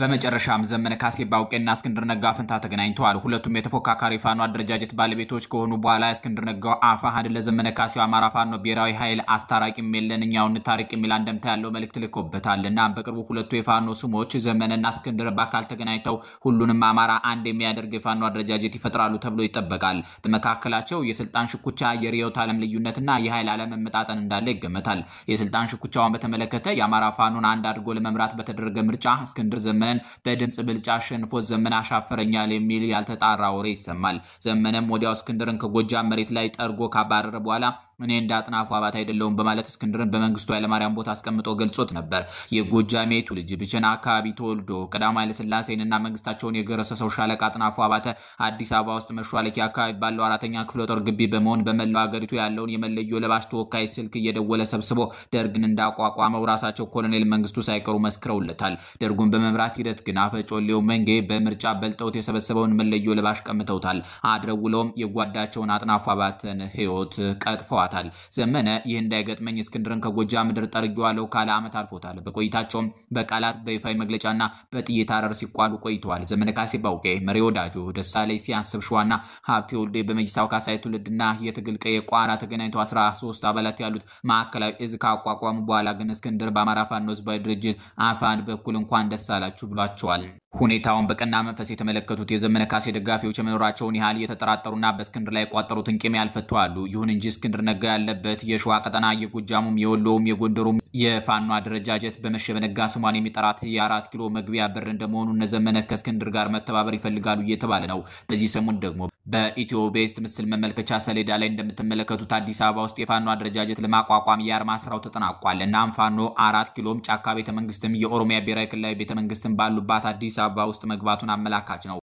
በመጨረሻም ዘመነ ካሴ ባውቄና እስክንድር ነጋ ፈንታ ተገናኝተዋል። ሁለቱም የተፎካካሪ ፋኖ አደረጃጀት ባለቤቶች ከሆኑ በኋላ እስክንድር ነጋው አፋሕድ ለዘመነ ካሴው አማራ ፋኖ ብሔራዊ ኃይል አስታራቂም የለን እኛው እንታረቅ የሚል አንደምታ ያለው መልእክት ልኮበታል። እና በቅርቡ ሁለቱ የፋኖ ስሞች ዘመነና እስክንድር በአካል ተገናኝተው ሁሉንም አማራ አንድ የሚያደርግ የፋኖ አደረጃጀት ይፈጥራሉ ተብሎ ይጠበቃል። በመካከላቸው የስልጣን ሽኩቻ፣ የርዕዮተ ዓለም ልዩነትና የኃይል አለመመጣጠን እንዳለ ይገመታል። የስልጣን ሽኩቻውን በተመለከተ የአማራ ፋኖን አንድ አድርጎ ለመምራት በተደረገ ምርጫ እስክንድር ዘመነ ዘመነን በድምፅ ብልጫ አሸንፎ ዘመነ አሻፈረኛል የሚል ያልተጣራ ወሬ ይሰማል። ዘመነም ወዲያው እስክንድርን ከጎጃም መሬት ላይ ጠርጎ ካባረረ በኋላ እኔ እንደ አጥናፉ አባት አይደለውም በማለት እስክንድርን በመንግስቱ ኃይለማርያም ቦታ አስቀምጦ ገልጾት ነበር። የጎጃሜቱ ልጅ ብቸና አካባቢ ተወልዶ ቀዳማዊ ኃይለሥላሴንና መንግስታቸውን የገረሰሰው ሻለቃ አጥናፉ አባተ አዲስ አበባ ውስጥ መሿለኪያ አካባቢ ባለው አራተኛ ክፍለ ጦር ግቢ በመሆን በመላው አገሪቱ ያለውን የመለዮ ለባሽ ተወካይ ስልክ እየደወለ ሰብስቦ ደርግን እንዳቋቋመው ራሳቸው ኮሎኔል መንግስቱ ሳይቀሩ መስክረውለታል። ደርጉን በመምራት ሂደት ግን አፈጮሌው መንጌ በምርጫ በልጠውት የሰበሰበውን መለዮ ለባሽ ቀምተውታል። አድረውለውም የጓዳቸውን አጥናፉ አባተን ህይወት ቀጥፈዋል። ይገባታል። ዘመነ ይህ እንዳይገጥመኝ እስክንድርን ከጎጃ ምድር ጠርጌዋለሁ ካለ ዓመት አልፎታል። በቆይታቸውም በቃላት በይፋዊ መግለጫና በጥይት አረር ሲቋሉ ቆይተዋል። ዘመነ ካሴ ባውቄ፣ መሪ ወዳጆ፣ ደሳለኝ ሲያስብ ሸዋና ሀብቴ ወልዴ በመይሳው ካሳይ ትውልድና የትግል ቀየ ቋራ ተገናኝተው 13 አባላት ያሉት ማዕከላዊ እዝ ካቋቋሙ በኋላ ግን እስክንድር በአማራ ፋኖ ህዝባዊ ድርጅት አፋን በኩል እንኳን ደስ አላችሁ ብሏቸዋል። ሁኔታውን በቀና መንፈስ የተመለከቱት የዘመነ ካሴ ደጋፊዎች የመኖራቸውን ያህል የተጠራጠሩና በእስክንድር ላይ የቋጠሩትን ቂም ያልፈቱ አሉ። ይሁን እንጂ እስክንድር ነጋ ያለበት የሸዋ ቀጠና የጎጃሙም፣ የወሎውም፣ የጎንደሩም የፋኖ አደረጃጀት በመሸበ ነጋ ስሟን የሚጠራት የአራት ኪሎ መግቢያ በር እንደመሆኑ እነ ዘመነ ከእስክንድር ጋር መተባበር ይፈልጋሉ እየተባለ ነው። በዚህ ሰሞን ደግሞ በኢትዮ ቤስት ምስል መመልከቻ ሰሌዳ ላይ እንደምትመለከቱት አዲስ አበባ ውስጥ የፋኖ አደረጃጀት ለማቋቋም የአርማ ስራው ተጠናቋል። እናም ፋኖ አራት ኪሎም፣ ጫካ ቤተመንግስትም፣ የኦሮሚያ ብሔራዊ ክልላዊ ቤተመንግስትም ባሉባት አዲስ አበባ ውስጥ መግባቱን አመላካች ነው።